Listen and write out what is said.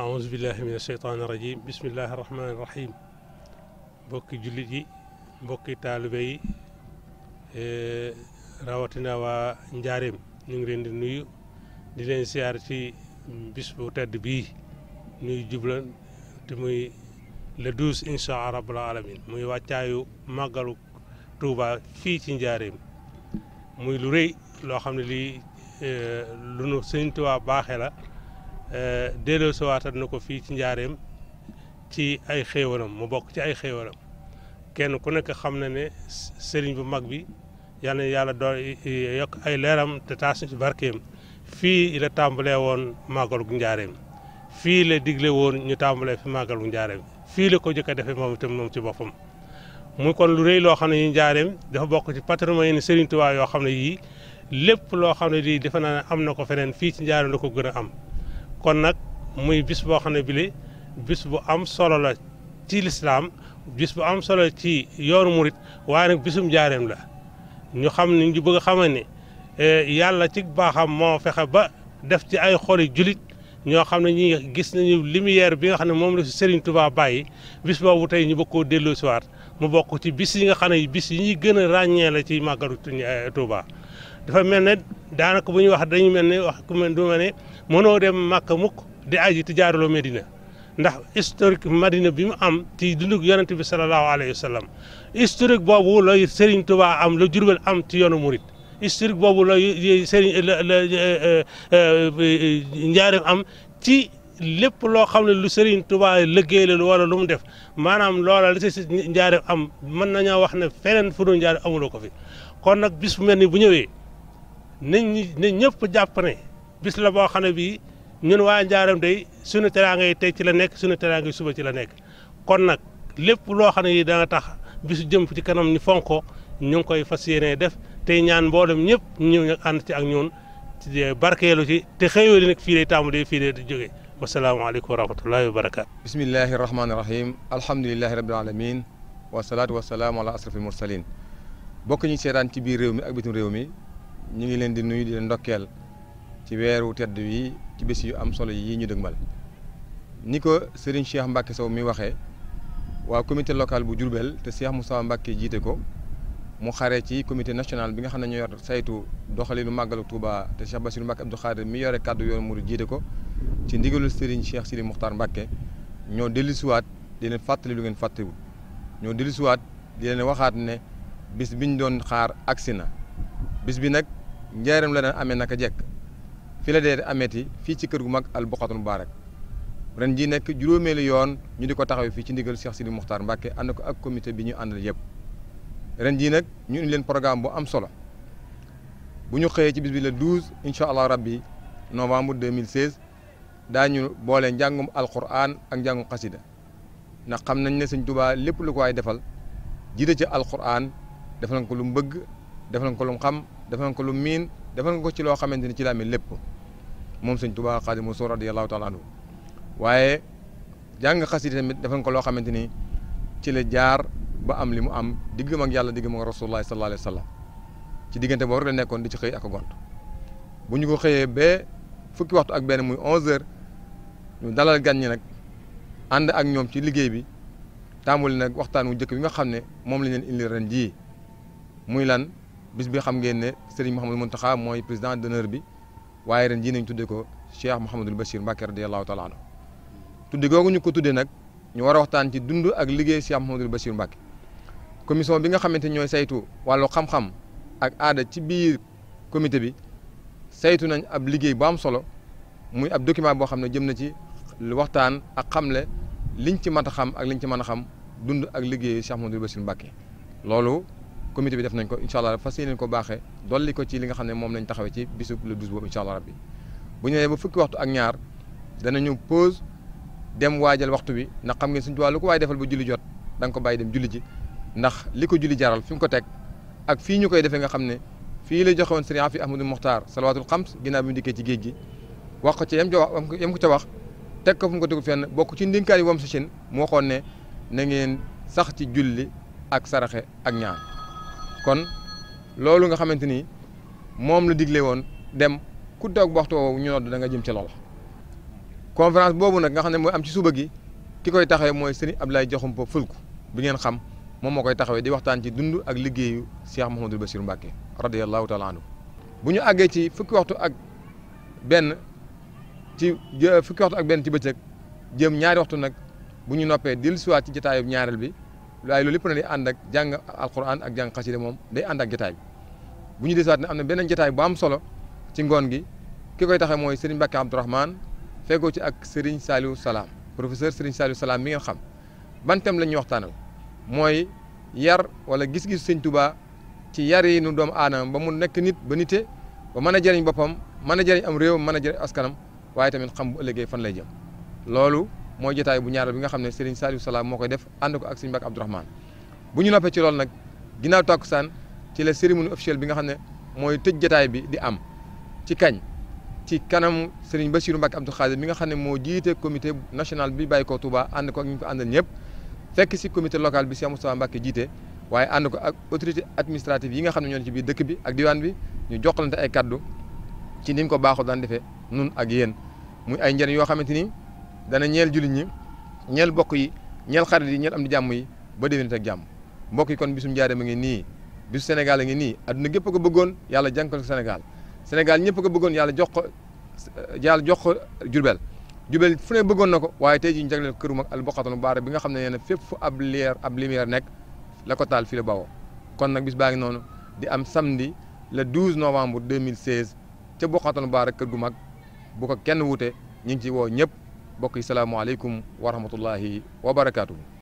أعوذ بالله من الشيطان الرجيم بسم الله الرحمن الرحيم بوكي جلدي بوكي طالبي راوتنا و نجارم نغرين دي نيو دي لين سيارتي بس بو تد بي نيو جبلن دي موي لدوس ان شاء رب العالمين موي واتايو ماغالو توبا في سي نجارم موي لو ري لو خامني لي لونو سين توبا باخه Euh, delloosewaat na ko fii ci njaareem ci ay xéewalam mu bokk ci ay xéewalam kenn ku nekk xam na ne sëriñ bu mag bi yàlla na yàlla doo yokk ay leeram te taas ci barkeem fii la tàmbalee woon màggal gu njaareem fii la digle woon ñu tàmbalee fi màggal gu njaareem fii la ko jëkk a defee moom itam moom ci boppam. muy kon lu rey loo xam ne yi njaareem dafa bokk ci patrimoine yi sëriñ Tuubaa yoo xam ne yii lépp loo xam ne lii defe naa am na ko feneen fii ci njaareem la ko gën a am. kon nag muy bis boo xam ne bili bis bu am solo la ci lislaam bis bu am solo ci yoonu murit waaye nag bisum jaareem la ñu xam ni ñu bëgg a xamal ne yàlla ci baaxam moo fexe ba def ci ay xoli julit ñoo xam ne ñi gis nañu lumière bi nga xam ne moom la si Serigne Touba bàyyi bis boobu tey ñu bëgg koo delloo mu bokk ci bis yi nga xam ne bis yi ñuy gën a ràññee la ci màggalu e, Touba. dafa mel ne daanaka bu ñuy wax dañu mel ne wax ku mel du ma ne mënoo dem màkk mukk di aji te jaaruloo Medina ndax historique Madina bi mu am ci dundug yonente bi salallaahu alayhi wa sallam historique boobu la Serigne Touba am la Jurbel am ci yoonu murit historique boobu la Serigne la la euh, euh, Njaareem am ci lépp loo xam ne lu Serigne Touba liggéey la wala lu mu def maanaam loola li si Njaareem am mën nañoo wax ne feneen fu dul Njaareem amuloo ko fi kon nag bis bu mel ni bu ñëwee. ne ñi nañ ñëpp jàpp bis la boo xam ne bii ñun waa Njaaram day sunu teraanga yi tey ci la nekk sunu teraanga yi suba ci la nekk kon nag lépp loo xam ne yi danga tax bisu jëm ci kanam ñu fonk ñu ngi koy fas yéenee def tey ñaan mboolem ñëpp ñu ànd ci ak ñun barkeelu ci te xëyoo di nag fii lay tàmbalee fii lay jógee wasalaamaaleykum wa rahmatullahi wa barakaatu bismillahi rahmaani rahim alhamdulilahi rabbil alamin wasalaatu wasalaamu ala asrafil mursalin bokk ñu seetaan ci biir réew mi ak bitim réew mi ñu ngi leen di nuyu di leen ndokkeel ci weeru tedd yi ci bés yu am solo yi ñu dëgmal ni ko Serigne Cheikh Mbacke Sow mi waxee waa comité local bu Diourbel te Cheikh Moussa Mbacke jiite ko mu xare ci comité national bi nga xam ne ñoo yor saytu doxalinu màggalu Touba te Cheikh Bassirou Mbacke Abdou Khadir mi yore kàddu yoon Mouride jiite ko ci ndigalul Serigne Cheikh Sidi Moukhtar Mbacke ñoo dellusiwaat di leen fàttali lu ngeen fàttaliwul ñoo dellusiwaat di waxaat ne bis biñ doon xaar agsi na bis bi nag. njaareem la daan amee naka jekk fi la dee ameeti fii ci kër gu mag al buqatul mubaarak ren jii nekk juróomeelu yoon ñu di ko taxaw fii ci ndigal Cheikh Sidi Moukhtar Mbacke ànd ko ak comité bi ñu àndal yëpp ren jii nag ñu indi leen programme bu am solo bu ñu xëyee ci bis bi le 12 incha allah rabbi novembre 2016 daañu boole njàngum alquran ak njàngum xasida ndax xam nañ ne sëñ Tuubaa lépp lu ko defal jiite ci alquran defal nga ko lu mu bëgg defal nga ko lu mu xam defal ko lu miin defal ko ci loo xamante ni ci la amee lépp moom sëñ tubaa Xaadimu Rasuul radiyallaahu taala anhu waaye jàng xasida tamit defal ko loo xamante ni ci la jaar ba am li mu am diggam ak yàlla diggam ak Rasulullaahi sallallaahu alayhi wa sallam ci diggante boobu rek la nekkoon di ci xëy ak gont bu ñu ko xëyee ba fukki waxtu ak benn muy 11h ñu dalal gan ñi nag ànd ak ñoom ci liggéey bi tàmbali nag waxtaan wu njëkk bi nga xam ne moom la leen indi ren jii muy lan bis bi xam ngeen ne Serigne Mouhamadou Mountakha moy président d'honneur bi waye ren ji nañ tuddé ko Cheikh Mouhamadul Bachir Mbacké radiyallahu taala anhu tudde googu ñu ko tuddé nak ñu wara waxtaan ci dundu ak liggéey Cheikh Mouhamadul Bachir mbacke commission bi nga xamanteni ñoy saytu walu xam-xam ak aada ci biir comité bi saytu nañ ab liggéey bu am solo muy ab document bo xamne jëm na ci waxtaan ak xamle liñ ci mata xam ak liñ ci mëna xam dundu ak liggéey Cheikh Bachir mbacke lolu comité bi def nañ ko inshallah rabbi fas yéene ko baxé dolli ko ci li nga xamné mom lañ taxawé ci bisu le 12 boobu inshallah rabbi bu ñëwé ba fukki waxtu ak ñaar danañu pause dem waajal waxtu bi na xam ngeen suñu walu ko way defal bu julli jot da nga ko bàyyi dem julli ji ndax liko julli jaral fi ko tek ak fii ñu koy defee nga xamné fi la joxewoon serigne Afi Ahmadou mukhtar salawatul khams ginaa bi mu dikkee ci géej gi wax ko ci yam jox yam ko ci wax tek ko fu mu ko tegul fenn bokku ci ndinkaay wam sa chin mo xone na ngeen sax ci julli ak saraxe ak ñaan kon loolu nga xamante ni moom la digle woon dem ku toog waxtu woowu ñu nodd da nga jëm ci loola conférence boobu nag nga xam ne mooy am ci suba gi ki koy taxawee mooy sëriñ Abdoulaye Diakhoumpa Fulku bi ngeen xam moom moo koy taxawee di waxtaan ci dund ak liggéeyu Cheikh Mouhamadul Bassirou Mbacké radiyallahu taala anhu bu ñu àggee ci fukki waxtu ak benn ci fukki waxtu ak ci bëccëg jëm ñaari waxtu nag bu ñu noppee dellusiwaat ci jataayub ñaareel bi waaye loolu lépp na day ànd ak jàng alquran ak jàng xasida moom day ànd ak bu ñu desewaat ne am na beneen jotaay bu am solo ci ngoon gi ki koy taxee mooy Serigne Mbacke Abdourahmane feggoo ci ak Serigne Saliou Salaam professeur Serigne Saliou Salaam mi ngeen xam ban thème la ñuy waxtaanal mooy yar wala gis gis sëñ Touba ci yar yi nu doomu aadama ba mu nekk nit ba nite ba mën a jëriñ boppam mën a jëriñ am réew mën a jëriñ askanam waaye tamit xam bu ëllëgee fan lay jëm loolu mooy jotaay bu ñaareel bi nga xam ne Serigne Saliou Salam moo koy def ànd ko ak Serigne Mbacke Abdourahmane bu ñu noppee ci loolu nag ginnaaw takkusaan ci la cérémonie officielle bi nga xam ne mooy tëj jotaay bi di am ci kañ ci kanam Serigne Bassirou Mbacke Abdou Khadir bi nga xam ne moo jiite comité national bi bàyyi ko Touba ànd ko ak ñu ko àndal ñëpp fekk si comité local bi Cheikh Moustapha Mbacke jiite waaye ànd ko ak autorité administrative yi nga xam ne ñoo ci biir dëkk bi ak diwaan bi ñu jokkalante ay kaddu ci niñ ko baaxoo daan defee nun ak yéen muy ay njëriñ yoo xamante ni dana ñeel jullit ñi ñeel bokk yi ñeel xarit yi ñeel am di jàmm yi ba déwénit ak jàmm mbokk yi kon bisum njaareem a ngi nii bisu Sénégal a ngi nii adduna gépp ko bëggoon yàlla jànkal ko Sénégal Sénégal ñëpp ko bëggoon yàlla jox ko yàlla jox ko Jurbel Jurbel fu ne bëggoon na ko waaye tey ji ñu kër këru mag al boqatul mubarak bi nga xam ne nee na fépp ab leer ab lumière nekk la ko taal fii la kon nag bis baa ngi noonu di am samedi le 12 novembre 2016 lu boqatul mubarak kër gu mag bu ko kenn wute ñu ngi ci wow ñëpp mbokk yi salaamualeykum wa rahmatullahi wa barakaatu.